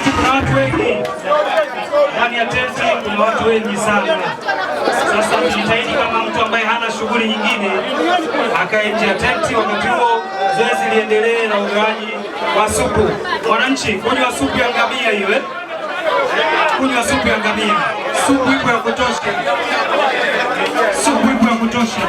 tenti kuna watu wengi ndani ya tenti, kuna watu wengi sana. Sasa mjitahidi kama mtu ambaye hana shughuli nyingine akae nje ya tenti, wakati huo zoezi liendelee na ugawaji wa supu. Wananchi, kunywa supu ya ngamia hiyo eh? Kunywa supu ya ngamia, supu ipo ya kutosha, supu ipo ya kutosha.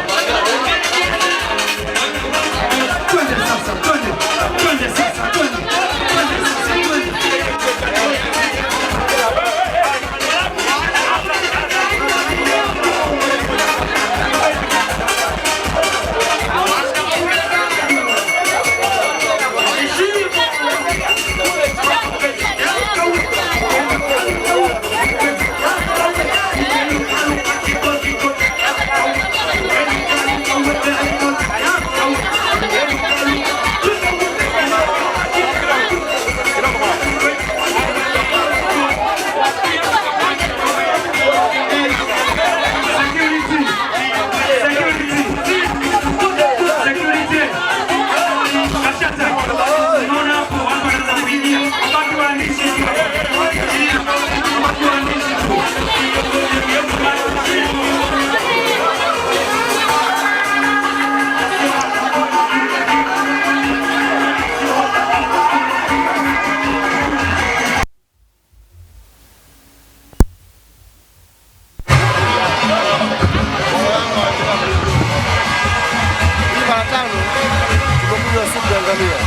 tutakunywa supu ya ngamia.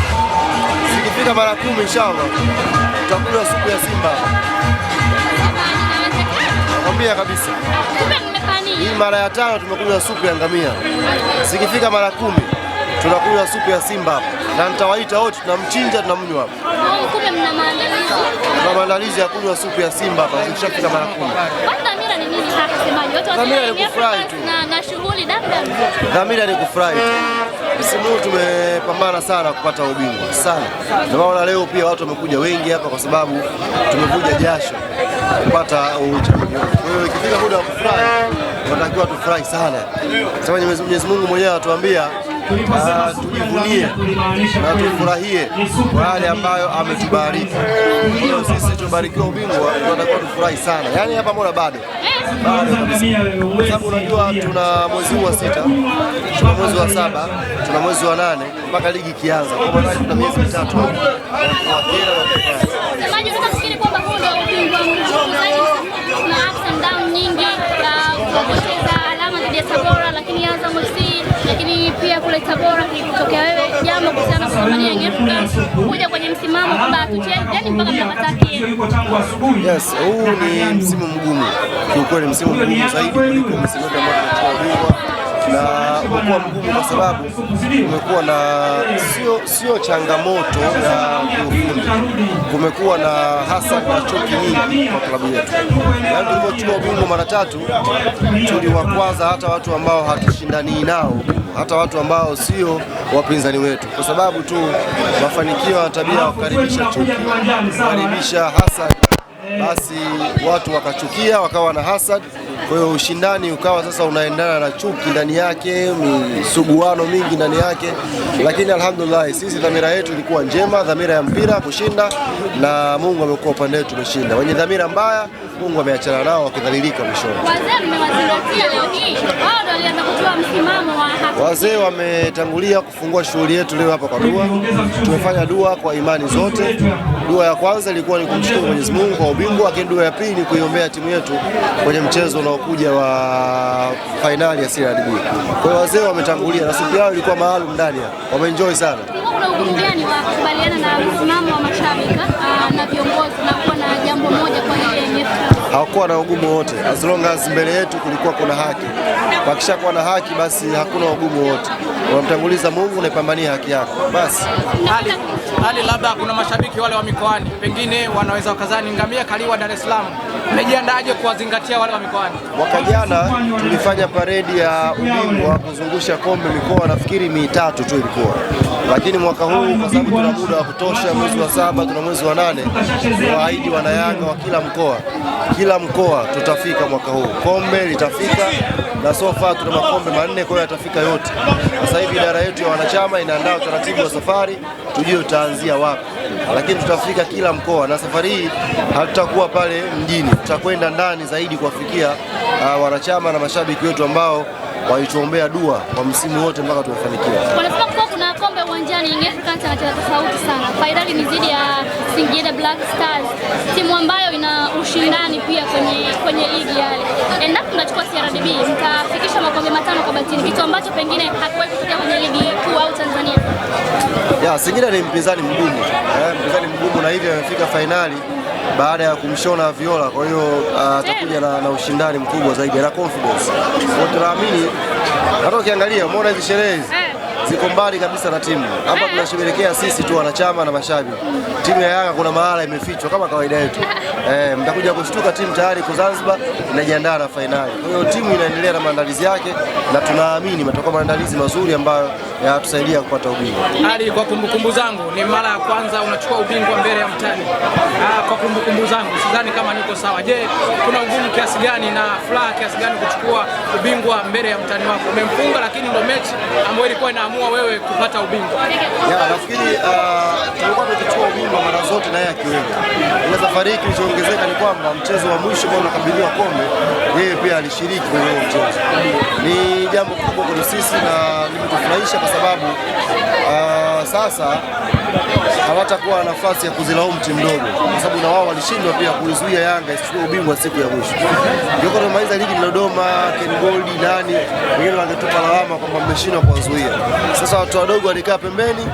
Sikifika mara kumi inshallah tutakunywa supu ya Simba. Nakwambia kabisa. Hii mara ya tano tumekunywa supu ya ngamia. Sikifika mara kumi tunakunywa supu ya Simba na nitawaita wote, tunamchinja tunamnywa hapo. Kumbe mna maandalizi maandalizi ya kunywa supu ya Simba hapa, zikishafika mara kumi. Dhamira ni kufurahi tu, dhamira ni kufurahi tu msimu huu tumepambana sana kupata ubingwa sana, ndio maana leo pia watu wamekuja wengi hapa, kwa sababu tumevuja jasho kupata uchampioni. Kwa hiyo ikifika muda wa kufurahi, tunatakiwa tufurahi sana. Mwenyezi Mungu mwenyewe anatuambia tujivunie na tufurahie wale ambayo ametubariki. Hiyo sisi tubarikiwa ubingwa, tunatakiwa tufurahi sana. Yaani hapa mbona bado sababu unajua tuna mwezi wa sita, tuna mwezi wa saba, tuna mwezi wa nane mpaka ligi ikianza, kwa maana tuna miezi mitatu nyingi za uh, kupoteza Tabora, lakini Azam FC, lakini pia kule Tabora kutokea wewe jambo kuhusiana kupambania Young Africans kuja kwenye msimamo kwamba hatuchezi yani mpaka mnawataki. Yes, huu ni msimu mgumu kiukweli, msimu mgumu zaidi kuliko msimu ambao tunachukua na umekuwa mgumu kwa sababu kumekuwa na sio sio changamoto ya kiufundi, kumekuwa na hasa na choki nyingi kwa klabu yetu. Yani tulivyochukua ubingwa mara tatu tuliwakwaza hata watu ambao hatushindani nao, hata watu ambao sio wapinzani wetu, kwa sababu tu mafanikio ya tabia ya kukaribisha chuki, kukaribisha hasa, basi watu wakachukia wakawa na hasad kwa hiyo ushindani ukawa sasa unaendana na chuki ndani yake, misuguano mingi ndani yake, lakini alhamdulillah, sisi dhamira yetu ilikuwa njema, dhamira ya mpira kushinda, na Mungu amekuwa upande wetu, tumeshinda. Wenye dhamira mbaya Mungu ameachana nao, wakidhalilika mwishoni. Wazee wametangulia kufungua shughuli yetu leo hapa kwa dua. Tumefanya dua kwa imani zote. Dua ya kwanza ilikuwa ni kumshukuru Mwenyezi Mungu kwa ubingwa, lakini dua ya pili ni kuiombea timu yetu kwenye mchezo unaokuja wa fainali ya CRDB. Kwa hiyo wazee wametangulia na siku yao ilikuwa maalum ndani, wameenjoy sana. Kuna ugumu gani wa kukubaliana na msimamo wa mashabiki ah, na viongozi na kuwa na jambo moja kwa ajili hawakuwa na ugumu wote, as long as mbele yetu kulikuwa kuna haki. Wakishakuwa na haki, basi hakuna ugumu wote. Unamtanguliza Mungu, ipambania haki yako basi. Hali labda kuna mashabiki wale wa mikoani, pengine wanaweza wakazani ngamia kaliwa Dar es Salaam Mmejiandaje kuwazingatia wale wa mikoani? Mwaka jana tulifanya paredi ya ubingwa wa kuzungusha kombe mikoa, nafikiri mitatu tu ilikuwa, lakini mwaka huu kwa sababu tuna muda wa kutosha, mwezi wa saba tuna mwezi wa nane, waahidi wanayanga wa kila mkoa, kila mkoa tutafika mwaka huu, kombe litafika na sofa tuna makombe manne, kwa hiyo yatafika yote. Sasa hivi idara yetu ya wanachama inaandaa utaratibu wa safari, tujue tutaanzia wapi lakini tutafika kila mkoa, na safari hii hatutakuwa pale mjini, tutakwenda ndani zaidi kuwafikia uh, wanachama na mashabiki wetu ambao walituombea dua kwa msimu wote mpaka tumefanikiwa. Wanasema kwa kuna kombe uwanjani Young Africans anacheza tofauti sana, fainali ni zidi ya Singida Black Stars, timu ambayo ina ushindani pia kwenye, kwenye ligi yale endapo nchini, kitu ambacho pengine hakuwahi kutokea kwenye ligi kuu au Tanzania. Ya, Singida ni mpinzani mgumu eh, mpinzani mgumu na hivi amefika fainali baada ya kumshona Viola. Kwa hiyo ah, eh. atakuja na, na ushindani mkubwa zaidi na confidence. Tunaamini hata ukiangalia umeona hizi sherehe hizi eh ziko mbali kabisa na timu. Hapa tunasherehekea sisi tu wanachama na mashabiki. Timu ya Yanga kuna mahala imefichwa kama kawaida yetu. Eh, mtakuja kushtuka, timu tayari kwa Zanzibar inajiandaa na fainali. Kwa hiyo timu inaendelea na maandalizi yake na tunaamini matakuwa maandalizi mazuri ambayo yatusaidia kupata ubingwa. Hadi kwa kumbukumbu zangu ni mara ya kwanza unachukua ubingwa mbele ya mtani kwa kumbukumbu zangu sidhani kama niko sawa. Je, kuna ugumu kiasi gani na furaha kiasi gani kuchukua ubingwa mbele ya mtani wako? Umemfunga, lakini ndio mechi ambayo ilikuwa inaamua wewe kupata ubingwa. Ya, nafikiri uh, tulikuwa tukichukua ubingwa mara zote na yeye akiwinga, Na safari hii kilichoongezeka ni kwamba mchezo wa mwisho ambao unakabiliwa kombe, yeye pia alishiriki kwenye huo mchezo. Ni jambo kubwa kwa sisi na limetufurahisha kwa sababu uh, sasa hawatakuwa na nafasi ya kuzilaumu timu ndogo, kwa sababu na wao walishindwa pia kuizuia Yanga isichukue ubingwa siku ya mwisho. Ndio tumemaliza ligi Dodoma, Ken Gold nani wengine wangetupa lawama kwamba mmeshindwa kuwazuia. Sasa watu wadogo walikaa pembeni,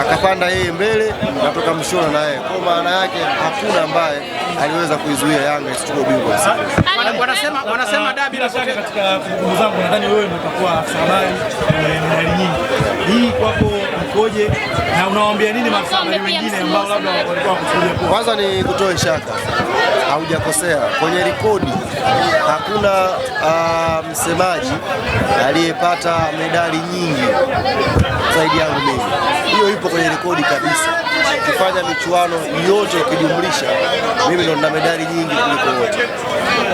akapanda yeye mbele na tukamshona naye, kwa maana yake hakuna ambaye aliweza kuizuia Yanga isichukue ubingwa siku wanasema wanasema dabi Katika kumbukumbu zangu nadhani wewe unakuwa afisa habari eh, na nyingi hii kwako mkoje, na unawaambia nini maafisa habari wengine ambao labda walikuwa wakuchukulia poa? Kwanza ni kutoa shaka, haujakosea kwenye rekodi. Hakuna ah, msemaji aliyepata medali nyingi zaidi yangu mimi, hiyo ipo kwenye rekodi kabisa kufanya michuano yote ukijumlisha, mimi ndo nina medali nyingi kuliko wote.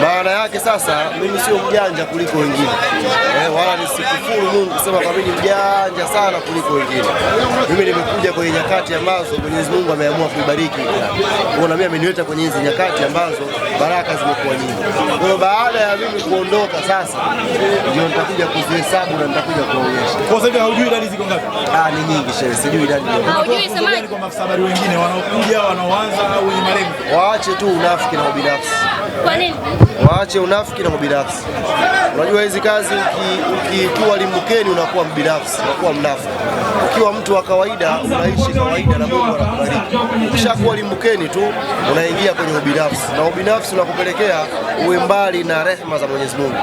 Maana yake sasa, mimi sio mjanja kuliko wengine eh, wala nisikufuru Mungu kusema kwamba mimi mjanja sana kuliko wengine. Mimi nimekuja kwenye nyakati ambazo Mwenyezi Mungu ameamua kuibariki, kuona mimi ameniweka kwenye hizi nyakati ambazo baraka zimekuwa nyingi. Kwa hiyo baada ya mimi kuondoka sasa, ndio nitakuja kuzihesabu na nitakuja kuonyesha. Kwa sababu haujui idadi ziko ngapi? Ah, ni nyingi shehe, sijui idadi. Haujui samaki wanahabari wengine wanaokuja wanaoanza au wenye malengo, waache tu unafiki na ubinafsi. Kwa nini waache unafiki na ubinafsi? Unajua hizi kazi ukiwa limbukeni unakuwa mbinafsi, unakuwa mnafiki. Ukiwa mtu wa kawaida unaishi kawaida na Mungu anakubariki. Ukishakuwa limbukeni tu unaingia kwenye ubinafsi, na ubinafsi unakupelekea uwe mbali na rehema za Mwenyezi Mungu.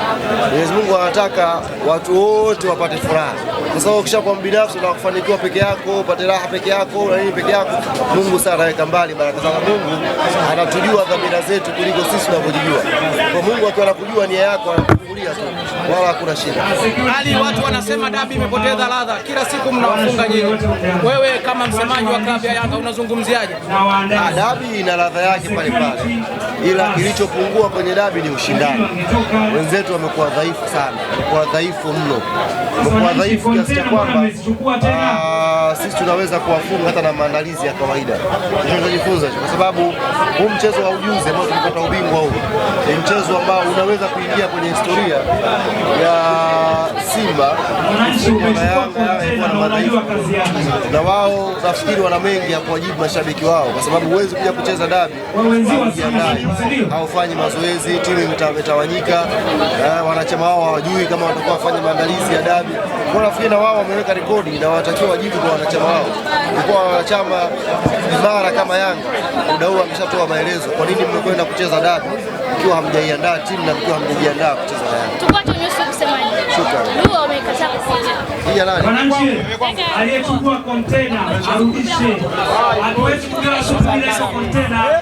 Mwenyezi Mungu anataka watu wote wapate furaha, kwa sababu ukishakuwa mbinafsi unakufanikiwa peke yako, upate raha peke yako na nini peke yako Mungu sana anaweka mbali baraka zake. Mungu anatujua dhamira zetu kuliko sisi tunavyojijua. Kwa Mungu akiwa anakujua nia yako anakufungulia tu, wala hakuna shida. Hali watu wanasema dabi imepoteza ladha, kila siku mnawafunga nyinyi. Wewe kama msemaji wa klabu ya Yanga unazungumziaje? Ah, dabi ina ladha yake pale pale, ila kilichopungua kwenye dabi ni ushindani. Wenzetu wamekuwa dhaifu sana, wamekuwa dhaifu mno, wamekuwa dhaifu kiasi cha kwamba sisi tunaweza kuwafunga hata na maandalizi ya kawaida. Tunajifunza kwa sababu huu mchezo wa ujuzi ambao tulipata ubingwa huu ni mchezo ambao unaweza kuingia kwenye historia ya Simba na na wao nafikiri wana mengi ya kuwajibu mashabiki wao, kwa sababu huwezi kuja kucheza dabi ujiandae, haufanyi mazoezi, timu imetawanyika, eh, wanachama wao hawajui kama watakuwa wafanya maandalizi ya dabi. Nafikiri na wao wameweka rekodi na watakiwa wajibu kwa wanachama wao. Ulikuwa wanachama imara kama Yanga, muda huu ameshatoa maelezo kwa nini mmekwenda kucheza dabi mkiwa hamjaiandaa timu na mkiwa hamjajiandaa kucheza na Yanga. Tupate nyuso msemaji. Shukrani. Wananchi aliyechukua kontena arudishe. Hatuwezi kugawa kontena.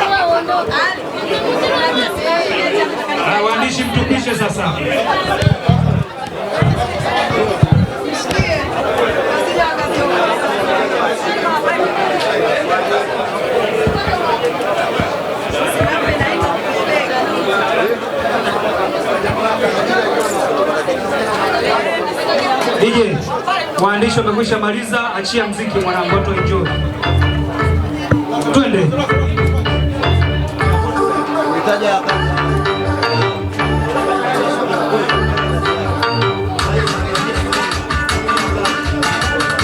mtumishi mtupishe sasa. DJ, waandishi wamekwisha maliza, achia mziki mwanangu, watu enjoy. Twende.